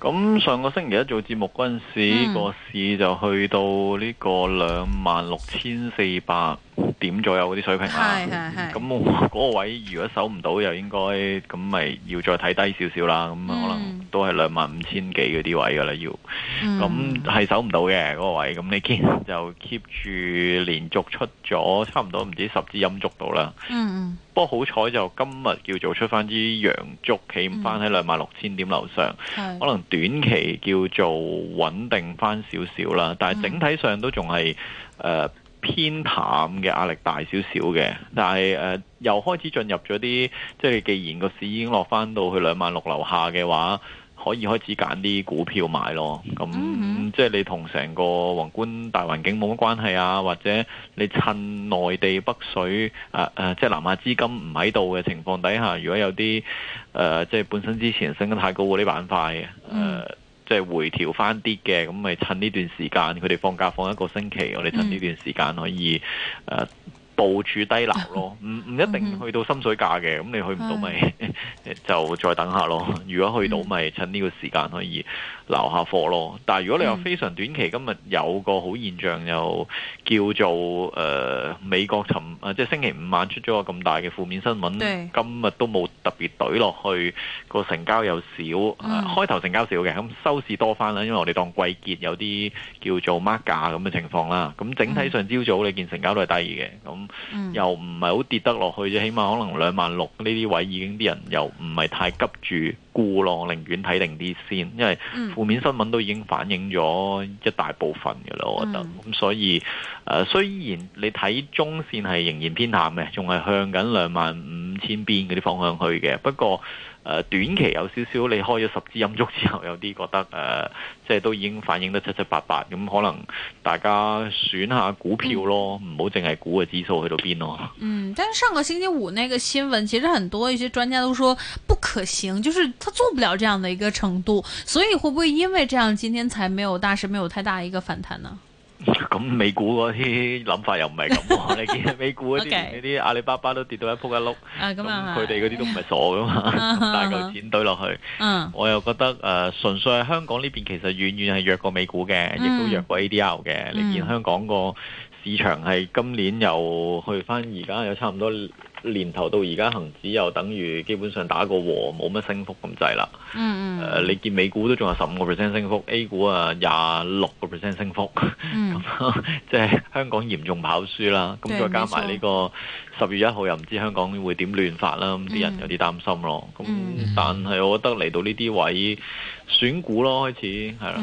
咁上個星期一做節目嗰陣時，嗯，個市就去到呢個兩萬六千四百點左右嗰啲水平啦，咁嗰、嗰個位如果守唔到該，又應該咁咪要再睇低少少啦。咁、嗯、可能都係兩萬五千幾嗰啲位噶啦，要咁係守唔到嘅嗰、嗰個位。咁你見就 keep 住連續出咗差唔多唔止十支陰燭到啦。嗯，不過好彩就今日叫做出翻支陽燭，企翻喺兩萬六千點樓上、嗯，可能短期叫做穩定翻少少啦。但係整體上都仲係誒。嗯呃偏淡嘅壓力大少少嘅，但係誒、呃、又開始進入咗啲，即係既然個市已經落翻到去兩萬六樓下嘅話，可以開始揀啲股票買咯。咁、mm -hmm. 即係你同成個宏觀大環境冇乜關係啊，或者你趁內地北水誒、呃、即係南下資金唔喺度嘅情況底下，如果有啲誒、呃，即係本身之前升得太高嗰啲板塊嘅、呃 mm -hmm. 即、就、係、是、回調翻啲嘅，咁咪趁呢段時間佢哋放假放一個星期，我哋趁呢段時間可以誒部、嗯呃、署低樓咯，唔唔一定去到深水價嘅，咁你去唔到咪就，、嗯、 就再等下咯。如果去到咪趁呢個時間可以。留下貨咯，但係如果你有非常短期，嗯、今日有個好現象，又叫做誒、呃、美國尋，即係星期五晚出咗個咁大嘅負面新聞，今日都冇特別懟落去，個成交又少、嗯啊，開頭成交少嘅，咁收市多翻啦，因為我哋當季結有啲叫做 mark 價咁嘅情況啦，咁整體上朝早上、嗯、你見成交都係低嘅，咁又唔係好跌得落去啫，起碼可能兩萬六呢啲位已經啲人又唔係太急住。故我寧願睇定啲先，因為負面新聞都已經反映咗一大部分嘅啦，我覺得。咁所以，誒、呃、雖然你睇中線係仍然偏淡嘅，仲係向緊兩萬五千邊嗰啲方向去嘅，不過，短期有少少，你開咗十支陰燭之後，有啲覺得誒、呃，即係都已經反映得七七八八，咁可能大家選下股票咯，唔好淨係估個指數去到邊咯。嗯，但係上個星期五那個新聞，其實很多一些專家都說不可行，就是他做不了這樣的一個程度，所以會不會因為這樣，今天才沒有大市沒有太大的一個反彈呢？咁、啊、美股嗰啲諗法又唔係咁喎， 你見美股嗰啲，啲、okay. 阿里巴巴都跌到一鋪一碌，咁佢哋嗰啲都唔係傻㗎嘛，大嚿錢堆落去，uh. 我又覺得誒、呃，純粹喺香港呢邊其實遠遠係弱過美股嘅，亦、mm. 都弱過 A D L 嘅。Mm. 你見香港個市場係今年又去翻而家有差唔多。年頭到而家，恒指又等於基本上打個和，冇乜升幅咁滯啦。嗯嗯、呃。你見美股都仲有十五個 percent 升幅，A 股啊廿六個 percent 升幅。咁即係香港嚴重跑輸啦。咁再加埋呢個十月一號又唔知香港會點亂發啦，咁啲人有啲擔心咯。咁、嗯嗯、但係我覺得嚟到呢啲位選股咯，開始係啦。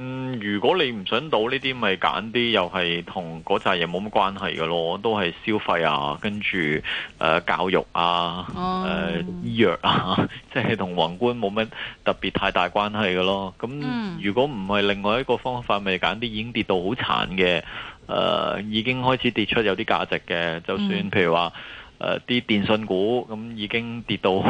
嗯，如果你唔想賭呢啲，咪揀啲又係同嗰扎嘢冇乜關係嘅咯，都係消費啊，跟住誒、呃、教育啊，誒、嗯呃、醫藥啊，即係同宏觀冇乜特別太大關係嘅咯。咁如果唔係、嗯，另外一個方法咪揀啲已經跌到好慘嘅，誒、呃、已經開始跌出有啲價值嘅，就算譬如話。誒、呃、啲電信股咁、嗯、已經跌到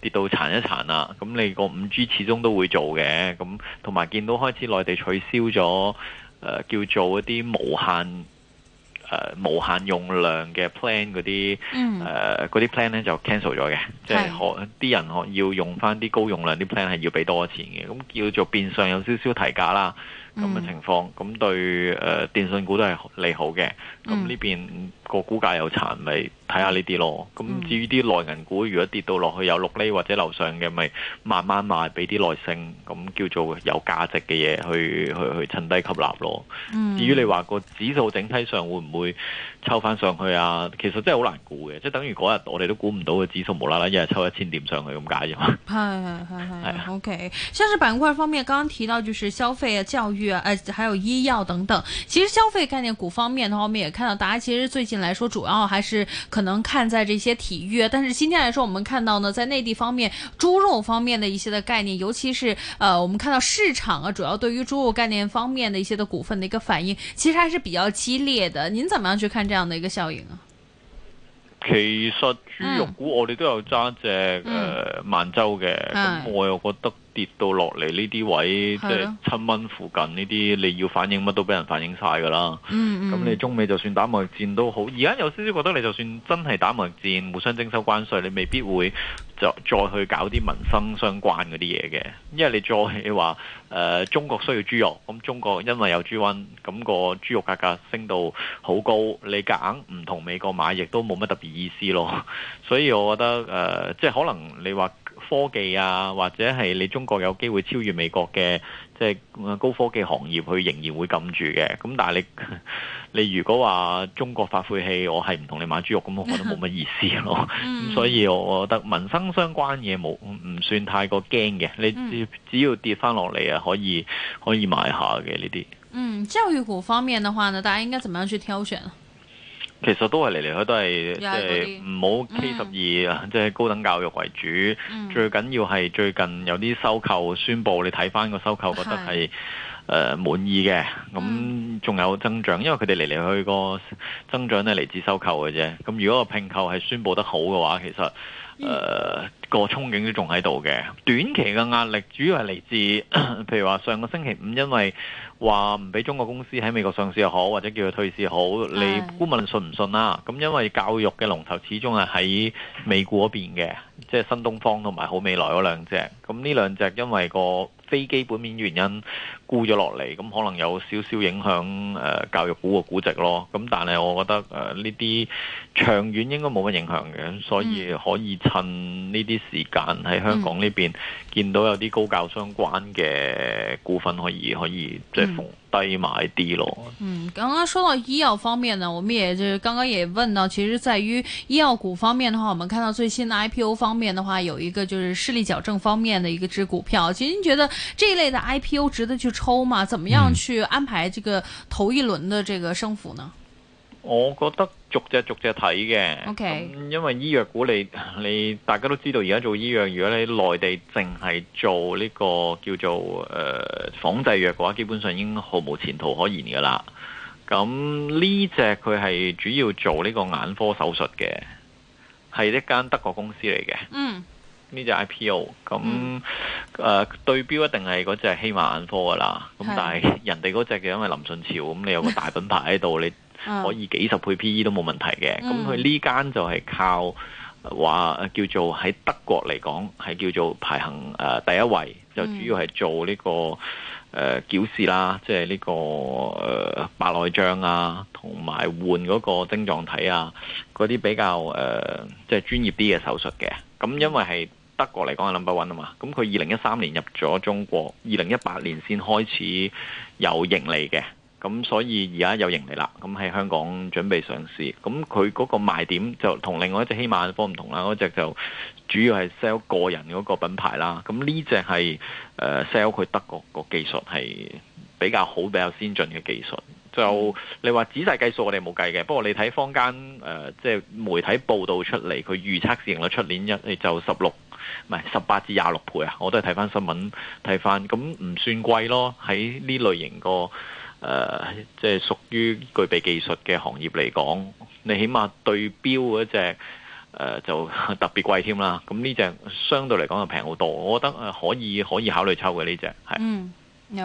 跌到殘一殘啦，咁你個五 G 始終都會做嘅，咁同埋見到開始內地取消咗誒、呃、叫做一啲無限、呃、無限用量嘅 plan 嗰啲誒嗰啲 plan 咧就 cancel 咗嘅，即係啲人要用翻啲高用量啲 plan 係要俾多錢嘅，咁叫做變相有少少提價啦。咁嘅情況，咁、嗯、對誒、呃、電信股都係利好嘅。咁呢邊個股價又殘，咪睇下呢啲咯。咁、嗯、至於啲內銀股，如果跌到落去有六厘或者樓上嘅，咪慢慢賣，俾啲耐性。咁叫做有價值嘅嘢，去去去趁低吸納咯。嗯、至於你話個指數整體上會唔會？抽翻上去啊！其實真係好難估嘅，即係等於嗰日我哋都估唔到嘅指數，無啦啦一日抽一千點上去咁解啫嘛。係係係係。 o、okay. K，像是板塊方面，剛剛提到就是消費啊、教育啊、還有醫藥等等。其實消費概念股方面，的話，我們也看到，大家其實最近來說，主要還是可能看在這些體育。但是今天來說，我們看到呢，在內地方面，豬肉方面的一些的概念，尤其是，誒、呃，我們看到市場啊，主要對於豬肉概念方面的一些的股份的一個反應，其實還是比較激烈的。您怎麼樣去看？這樣的一個效應啊，其實豬肉股我哋都有揸隻誒，萬、嗯呃、洲嘅，咁、嗯、我又覺得。跌到落嚟呢啲位，即係七蚊附近呢啲，你要反映乜都俾人反映晒噶啦。咁、嗯嗯、你中美就算打貿易戰都好，而家有少少覺得你就算真係打貿易戰，互相徵收關稅，你未必會再再去搞啲民生相關嗰啲嘢嘅，因為你再起話誒中國需要豬肉，咁中國因為有豬瘟，咁、那個豬肉價格升到好高，你夾硬唔同美國買，亦都冇乜特別意思咯。所以我覺得誒、呃，即係可能你話。科技啊，或者係你中國有機會超越美國嘅，即係高科技行業，佢仍然會撳住嘅。咁但係你你如果話中國發晦氣，我係唔同你買豬肉咁，我覺得冇乜意思咯。咁、 嗯、所以我覺得民生相關嘢冇唔算太過驚嘅。你只，只要跌翻落嚟啊，可以可以買下嘅呢啲。嗯，教育股方面嘅話呢，大家應該怎麼樣去挑選？其實都係嚟嚟去都係即係唔好 K 十二啊，即係高等教育為主。嗯、最緊要係最近有啲收購宣布，你睇翻個收購覺得係誒滿意嘅。咁、嗯、仲有增長，因為佢哋嚟嚟去個增長咧嚟自收購嘅啫。咁如果個拼購係宣布得好嘅話，其實誒。呃嗯這個憧憬都仲喺度嘅，短期嘅壓力主要係嚟自， 譬如話上個星期五，因為話唔俾中國公司喺美國上市又好，或者叫佢退市好，你估問信唔信啦、啊？咁因為教育嘅龍頭始終係喺美股嗰邊嘅，即係新東方同埋好未來嗰兩隻，咁呢兩隻因為個非基本面原因沽咗落嚟，咁可能有少少影響誒教育股嘅估值咯。咁但係我覺得誒呢啲長遠應該冇乜影響嘅，所以可以趁呢啲。時間喺香港呢邊，嗯，見到有啲高教相關嘅股份可以可以即係逢低買啲咯。嗯，剛剛說到醫藥方面呢，我們也就是剛剛也問到，其實在於醫藥股方面的話，我們看到最新嘅 IPO 方面的話，有一個就是視力矯正方面嘅一個支股票。其實你覺得這一類嘅 IPO 值得去抽嗎？怎麼樣去安排這個頭一輪的這個升幅呢？嗯我覺得逐隻逐隻睇嘅，因為醫藥股你你大家都知道，而家做醫藥，如果你內地淨係做呢個叫做誒仿製藥嘅話，基本上已經毫無前途可言噶啦。咁呢隻佢係主要做呢個眼科手術嘅，係一間德國公司嚟嘅。嗯，呢隻 IPO。咁誒對標一定係嗰隻希瑪眼科噶啦。咁、嗯、但係人哋嗰隻嘅因為林順潮，咁、嗯、你有個大品牌喺度你。 可以幾十倍 P/E 都冇問題嘅，咁佢呢間就係靠話、呃、叫做喺德國嚟講係叫做排行誒、呃、第一位，嗯、就主要係做呢、這個誒矯視啦，即係呢、這個、呃、白內障啊，同埋換嗰個晶狀體啊嗰啲比較誒即係專業啲嘅手術嘅。咁因為係德國嚟講係 number one 啊嘛，咁佢二零一三年入咗中國，二零一八年先開始有盈利嘅。咁所以而家有盈利啦。咁喺香港準備上市，咁佢嗰個賣點就同另外一隻希瑪眼科唔同啦。嗰隻就主要係 sell 個人嗰個品牌啦。咁呢隻係誒 sell 佢德國個技術係比較好、比較先進嘅技術。就你話仔細計數，我哋冇計嘅。不過你睇坊間誒，即係媒體報道出嚟，佢預測市盈率出年一就十六唔係十八至廿六倍啊。我都係睇返新聞睇返，咁唔算貴咯。喺呢類型個。誒、呃，即係屬於具備技術嘅行業嚟講，你起碼對標嗰隻誒、呃、就特別貴添啦。咁呢隻相對嚟講就平好多，我覺得誒可以可以考慮抽嘅呢隻係。嗯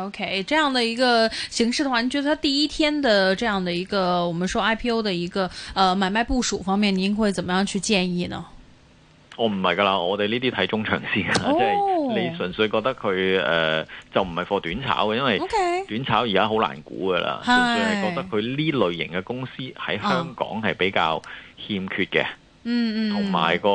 ，OK，這樣嘅一個形式嘅話，你覺得它第一天嘅這樣的一個，我們說 IPO 的一個，誒、呃、買賣部署方面，你會怎麼樣去建議呢？我唔係噶啦，我哋呢啲睇中長線，哦、 即係。你純粹覺得佢誒、呃、就唔係貨短炒嘅，因為短炒而家好難估㗎喇。Okay. 純粹係覺得佢呢類型嘅公司喺香港係比較欠缺嘅。嗯、啊、嗯。同埋、個誒、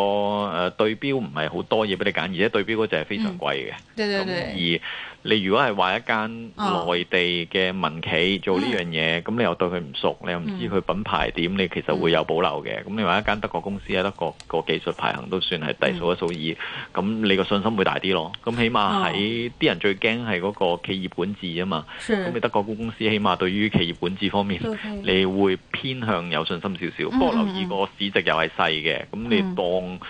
呃、對標唔係好多嘢俾你揀，而且對標嗰隻係非常貴嘅。咁、嗯、對，對對。你如果係話一間內地嘅民企、oh. 做呢樣嘢，咁你又對佢唔熟，你又唔知佢品牌點，mm. 你其實會有保留嘅。咁你話一間德國公司喺德國個技術排行都算係第數一數二，咁、mm. 你個信心會大啲咯。咁起碼喺啲、oh. 人最驚係嗰個企業管治啊嘛。咁你德國公司起碼對於企業管治方面，okay. 你會偏向有信心少少。不、mm. 過留意個市值又係細嘅，咁、mm. 你當。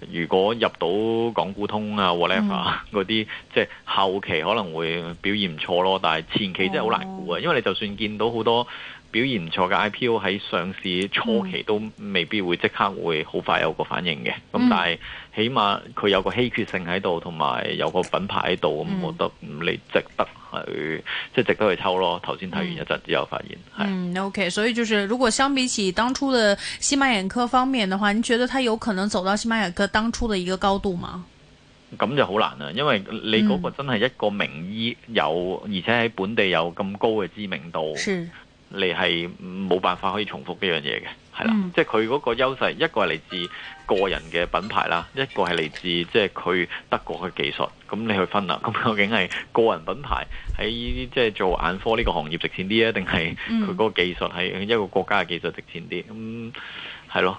如果入到港股通啊，whatever 嗰啲，即係後期可能會表現唔錯咯，但係前期真係好難估啊，因為你就算見到好多。表現唔錯嘅 IPO 喺上市初期都未必會即刻會好快有個反應嘅。咁、嗯、但係起碼佢有個稀缺性喺度，同埋有個品牌喺度咁，我覺得你值得去即係值得去抽咯。頭先睇完一陣之後發現係。嗯嗯、o、okay, k 所以就是，如果相比起當初嘅希瑪眼科方面嘅話，你覺得佢有可能走到希瑪眼科當初嘅一個高度嗎？咁、嗯、就好難啦，因為你嗰個，個真係一個名醫有，而且喺本地有咁高嘅知名度。是你係冇辦法可以重複呢樣嘢嘅，係啦、嗯，即係佢嗰個優勢，一個係嚟自個人嘅品牌啦，一個係嚟自即係佢德國嘅技術。咁你去分啦，咁究竟係個人品牌喺呢啲即係做眼科呢個行業值錢啲啊，定係佢嗰個技術係一個國家嘅技術值錢啲？咁係咯。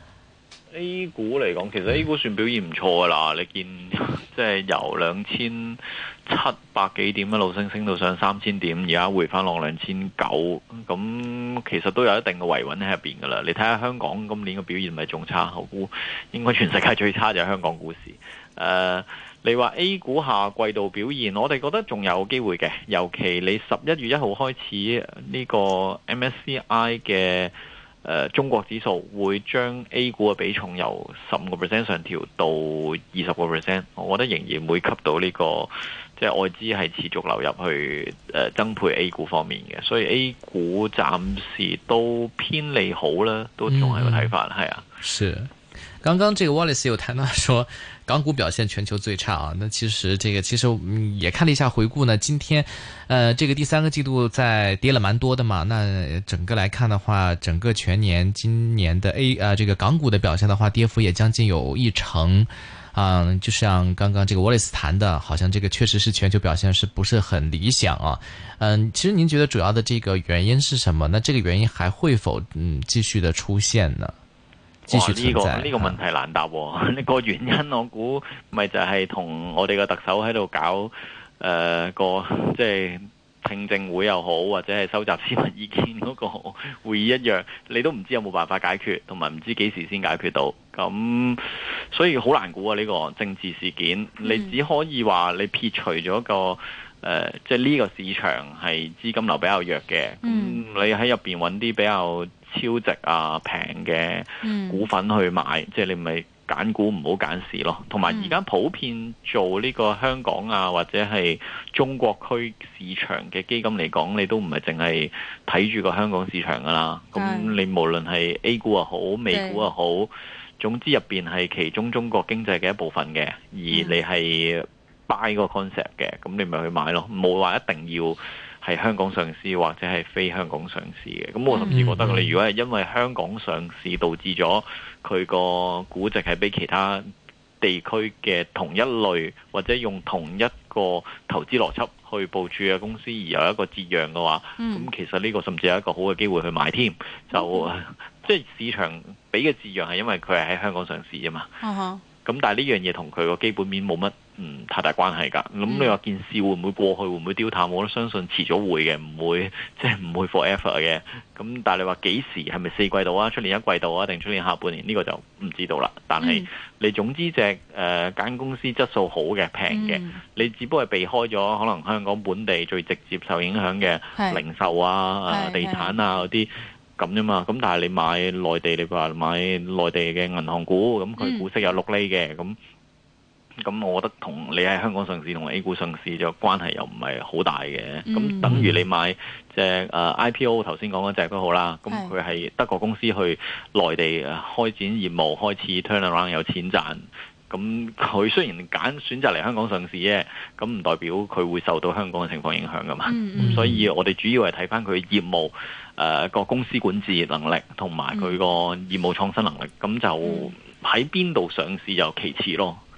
A 股嚟講，其實 A 股算表現唔錯噶啦。你見即係、就是、由兩千七百幾點一路升升到上三千點，而家回翻落兩千九，咁其實都有一定嘅維穩喺入邊噶啦。你睇下香港今年嘅表現，咪仲差？我估應該全世界最差就係香港股市。誒、uh,，你話 A 股下季度表現，我哋覺得仲有機會嘅。尤其你十一月一號開始呢、這個 MSCI 嘅。呃、中國指數會將 A 股嘅比重由十五個 percent 上調到二十個 percent，我覺得仍然會吸到呢、這個，即係外資係持續流入去增配 A 股方面嘅，所以 A 股暫時都偏利好啦，都仲係個睇法，係、嗯、啊。是剛剛這個 Wallace 有談到說，港股表現全球最差啊。那其實這個其實也看了一下回顧呢。今天，呃，這個第三個季度在跌了蠻多的嘛。那整個來看的話，整個全年今年的 A 呃，這個港股的表現的話，跌幅也將近有一成嗯、呃、就像剛剛這個 Wallace 談的，好像這個確實是全球表現是不是很理想啊？嗯、呃，其實您覺得主要的這個原因是什麼？那這個原因還會否嗯繼續的出現呢？呢、哦這個呢、這個問題難答喎，呢、啊這個原因我估咪就係同我哋嘅特首喺度搞誒、呃、個即係聽證會又好，或者係收集市民意見嗰個會議一樣，你都唔知有冇辦法解決，同埋唔知幾時先解決到。咁所以好難估啊！呢、這個政治事件，嗯、你只可以話你撇除咗個誒，即係呢個市場係資金流比較弱嘅，嗯、你喺入面搵啲比較。超值啊，平嘅股份去買，嗯、即係你咪揀股唔好揀市咯。同埋而家普遍做呢個香港啊、嗯、或者係中國區市場嘅基金嚟講，你都唔係淨係睇住個香港市場㗎啦。咁你無論係 A 股又好，美股又好，總之入邊係其中中國經濟嘅一部分嘅，而你係 buy 個 concept 嘅，咁你咪去買咯，冇話一定要。係香港上市或者係非香港上市嘅，咁我甚至覺得，你如果係因為香港上市導致咗佢個估值係比其他地區嘅同一類或者用同一個投資邏輯去部署嘅公司而有一個折讓嘅話，咁、嗯、其實呢個甚至有一個好嘅機會去買添，就、嗯、 即係市場俾嘅折讓係因為佢係喺香港上市啊嘛，咁、哦、但係呢樣嘢同佢個基本面冇乜。唔太大關係㗎，咁你話件事會唔會過去，嗯、會唔會丟淡，我都相信遲早會嘅，唔會即係唔會 forever 嘅。咁但係你話幾時，係咪四季度啊，出年一季度啊，定出年下半年呢、呢個就唔知道啦。但係你總之隻誒間、呃、公司質素好嘅、平嘅、嗯，你只不過係避開咗可能香港本地最直接受影響嘅零售啊，啊、地產啊嗰啲咁啫嘛。咁但係你買內地，你話買內地嘅銀行股，咁佢股息有六厘嘅，咁、嗯。嗯咁我覺得同你喺香港上市同 A 股上市就關係又唔係好大嘅，咁、嗯嗯、等於你買隻誒、呃、IPO，頭先講嗰隻都好啦。咁佢係德國公司去內地開展業務，開始 turn around 有錢賺。咁佢雖然揀選擇嚟香港上市啫，咁唔代表佢會受到香港嘅情況影響噶嘛。嗯嗯，咁所以，我哋主要係睇返佢業務個、呃、公司管治能力同埋佢個業務創新能力。咁就喺邊度上市就其次咯。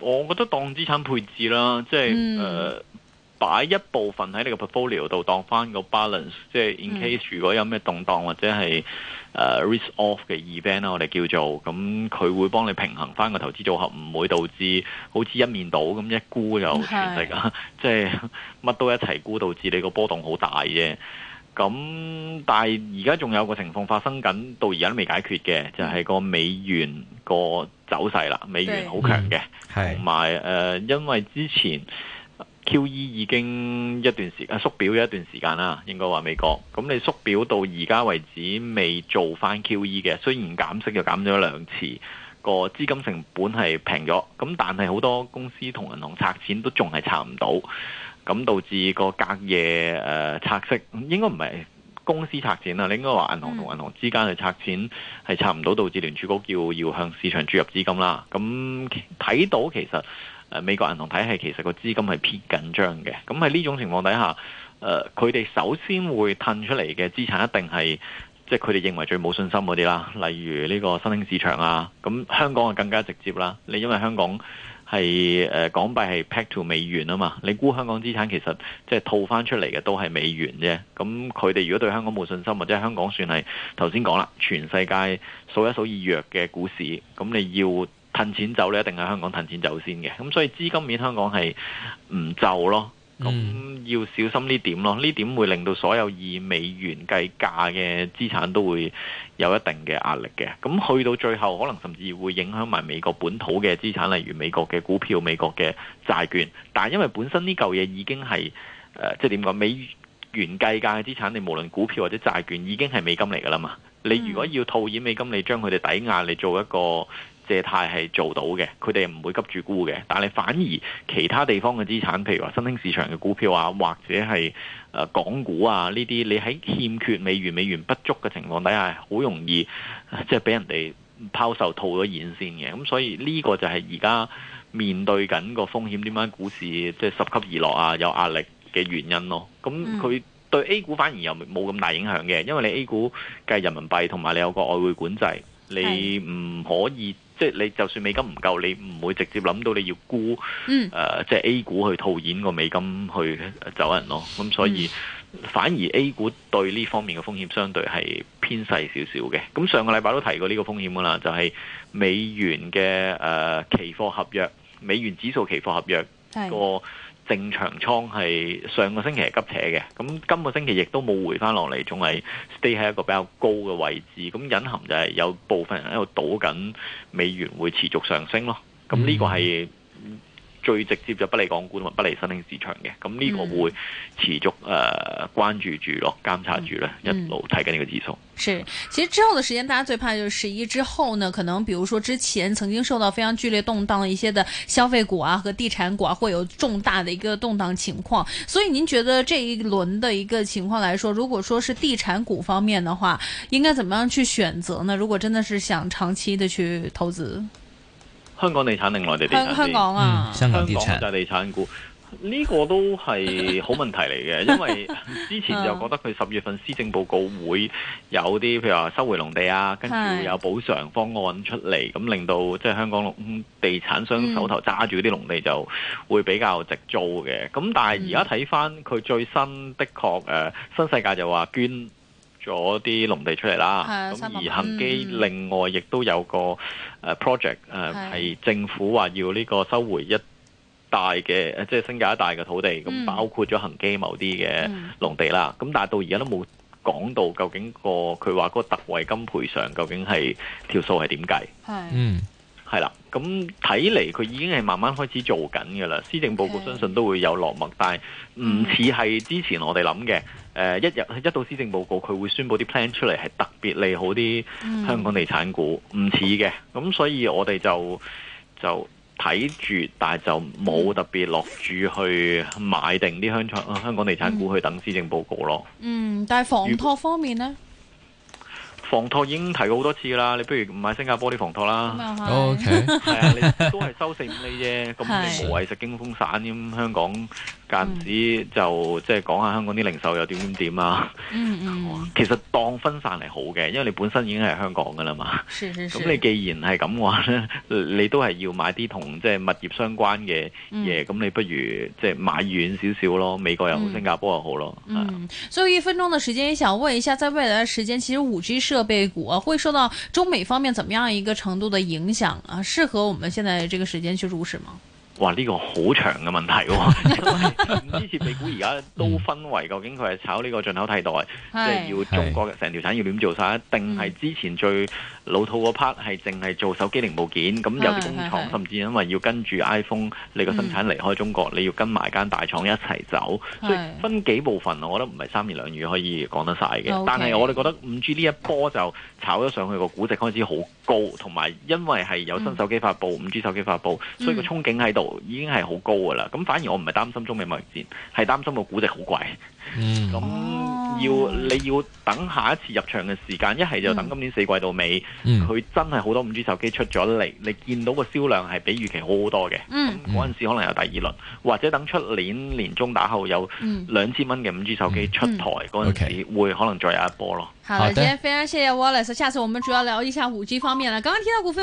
我覺得當資產配置啦，即係誒擺一部分喺你個 portfolio 度當翻個 balance，即係 in case 如果有咩動盪、嗯、或者係、uh, risk off 嘅 event 啦、啊，我哋叫做咁，佢會幫你平衡翻個投資組合，唔會導致好似一面倒咁一沽就全世界啊！ 即係乜都一齊沽，導致你個波動好大啫。咁，但係而家仲有個情況發生緊，到而家都未解決嘅，就係、是、個美元個走勢啦。美元好強嘅，同埋誒，因為之前 QE 已經一段時間縮表咗一段時間啦，應該話美國。咁你縮表到而家為止未做返 QE 嘅，雖然減息就減咗兩次，個資金成本係平咗。咁但係好多公司同銀行拆錢都仲係拆唔到。咁導致個隔夜誒、呃、拆息應該唔係公司拆錢啊，你應該話銀行同銀行之間嘅拆錢係拆唔到，導致聯儲局叫要，要向市場注入資金啦。咁、嗯、睇到其實、呃、美國銀行體系其實個資金係偏緊張嘅。咁喺呢種情況底下，誒佢哋首先會褪出嚟嘅資產一定係即係佢哋認為最冇信心嗰啲啦，例如呢個新興市場啊。咁、嗯、香港啊更加直接啦，你因為香港。係誒、呃、港幣係 peg to 美元啊嘛，你估香港資產其實即係套翻出嚟嘅都係美元啫，咁佢哋如果對香港冇信心，或者香港算係頭先講啦，全世界數一數二弱嘅股市，咁你要褪錢走，你一定喺香港褪錢走先嘅，咁所以資金面香港係唔就咯。咁、嗯、要小心呢點咯，呢點會令到所有以美元計價嘅資產都會有一定嘅壓力嘅。咁去到最後，可能甚至會影響埋美國本土嘅資產，例如美國嘅股票、美國嘅債券。但係因為本身呢嚿嘢已經係、呃、即係點講？美元計價嘅資產，你無論股票或者債券，已經係美金嚟㗎喇嘛。你如果要套現美金，你將佢哋抵押嚟做一個。借貸係做到嘅，佢哋唔會急住沽嘅。但係反而其他地方嘅資產，譬如話新興市場嘅股票啊，或者係港股啊呢啲，你喺欠缺美元美元不足嘅情況底下，好容易即係俾人哋拋售套咗現線嘅。咁所以呢個就係而家面對緊個風險，點解股市即係十級而落啊，有壓力嘅原因咯。咁佢對 A 股反而又冇咁大影響嘅，因為你 A 股計人民幣同埋你有個外匯管制，你唔可以。即係你就算美金唔夠，你唔會直接諗到你要沽、嗯呃、即係 A 股去套現個美金去走人咯。咁所以、嗯、反而 A 股對呢方面嘅風險相對係偏細少少嘅。咁上個禮拜都提過呢個風險噶啦，就係、是、美元嘅、呃、期貨合約、美元指數期貨合約、嗰個。正常倉係上個星期係急扯嘅，咁今個星期亦都冇回翻落嚟，仲係 stay 喺一個比較高嘅位置，咁隱含就係有部分人喺度賭緊美元會持續上升咯，咁呢個係。最直接就不利港股同埋不利新興市場嘅，咁呢個會持續誒、嗯呃、關注住咯，監察住咧，一路睇緊呢個指數、嗯。是，其實之後嘅時間，大家最怕就係十一之後呢，可能，比如說之前曾經受到非常劇烈動盪嘅一些的消費股啊和地產股啊，會有重大的一個動盪情況。所以，您覺得這一輪嘅一個情況來說，如果說是地產股方面嘅話，應該怎麼樣去選擇呢？如果真的是想長期的去投資？香港地產定內地地產？香港啊，香港地產就地產股呢、嗯，呢個都係好問題嚟嘅， 因為之前就覺得佢十月份施政報告會有啲譬如話收回農地啊，跟住有補償方案出嚟，咁令到即係、就是、香港農地產商手頭揸住啲農地就會比較直租嘅。咁、嗯、但係而家睇翻佢最新的確誒，新世界就話捐。咗啲農地出嚟啦，咁、嗯、而恒基另外亦都有個 project 誒，係政府話要呢個收回一帶嘅，即係新界一帶嘅土地，咁包括咗恒基某啲嘅農地啦。咁、嗯、但係到而家都冇講到究竟個佢話嗰個特惠金賠償究竟係條數係點計？嗯。係啦，咁睇嚟佢已經係慢慢開始做緊嘅啦。施政報告相信都會有落墨，okay. 但係唔似係之前我哋諗嘅。誒、mm. 呃，一日一到施政報告，佢會宣布啲 plan 出嚟，係特別利好啲香港地產股，唔似嘅。咁所以我哋就就睇住，但係就冇特別落注去買定啲香港香港地產股去等施政報告咯。Mm. 嗯，但係房託方面呢？房託已經提過好多次㗎啦，你不如唔買新加坡啲房託啦。O K，係啊，你都係收四五厘啫，咁你無謂食驚風散咁香港。暫時就即係講下香港啲零售又點點點啊，嗯！嗯嗯，其實當分散係好嘅，因為你本身已經係香港嘅啦嘛。係係係。咁你既然係咁嘅話咧，你都係要買啲同即係物業相關嘅嘢，咁、嗯、你不如即係買遠少少咯，美國又好，新加坡又好咯。嗯，嗯、所以一分鐘嘅時間，想問一下，在未來嘅時間，其實 5G 設備股、啊、會受到中美方面怎麼樣一個程度嘅影響啊？適合我們現在這個時間去入市嗎？哇！呢、這個好長嘅問題、啊、 因為之前設備股而家都分為究竟佢係炒呢個進口替代，即 係要中國嘅成條產業鏈點做曬，定 係之前最老套嗰 part 係淨係做手機零部件。咁 有啲工廠 甚至因為要跟住 iPhone 你個生產離開中國， 你要跟埋間大廠一齊走， 所以分幾部分，我覺得唔係三言兩語可以講得晒嘅。 但係我哋覺得五 G 呢一波就炒咗上去個估值開始好高，同埋因為係有新手機發布、五 G 手機發布， 所以個憧憬喺度。已經係好高噶啦，咁反而我唔係擔心中美貿易戰，係擔心個估值好貴。咁、嗯嗯、要你要等下一次入場嘅時間，一係就等今年四季到尾，佢、嗯嗯、真係好多五 G 手機出咗嚟，你見到個銷量係比預期好好多嘅。嗯，嗰、嗯、陣時可能有第二輪，或者等出年年中打後有兩千蚊嘅五 G 手機出台嗰陣期會可能再有一波咯。好的，非常謝謝 Wallace。下次我們主要聊一下五 G 方面啦。剛剛聽到股份有。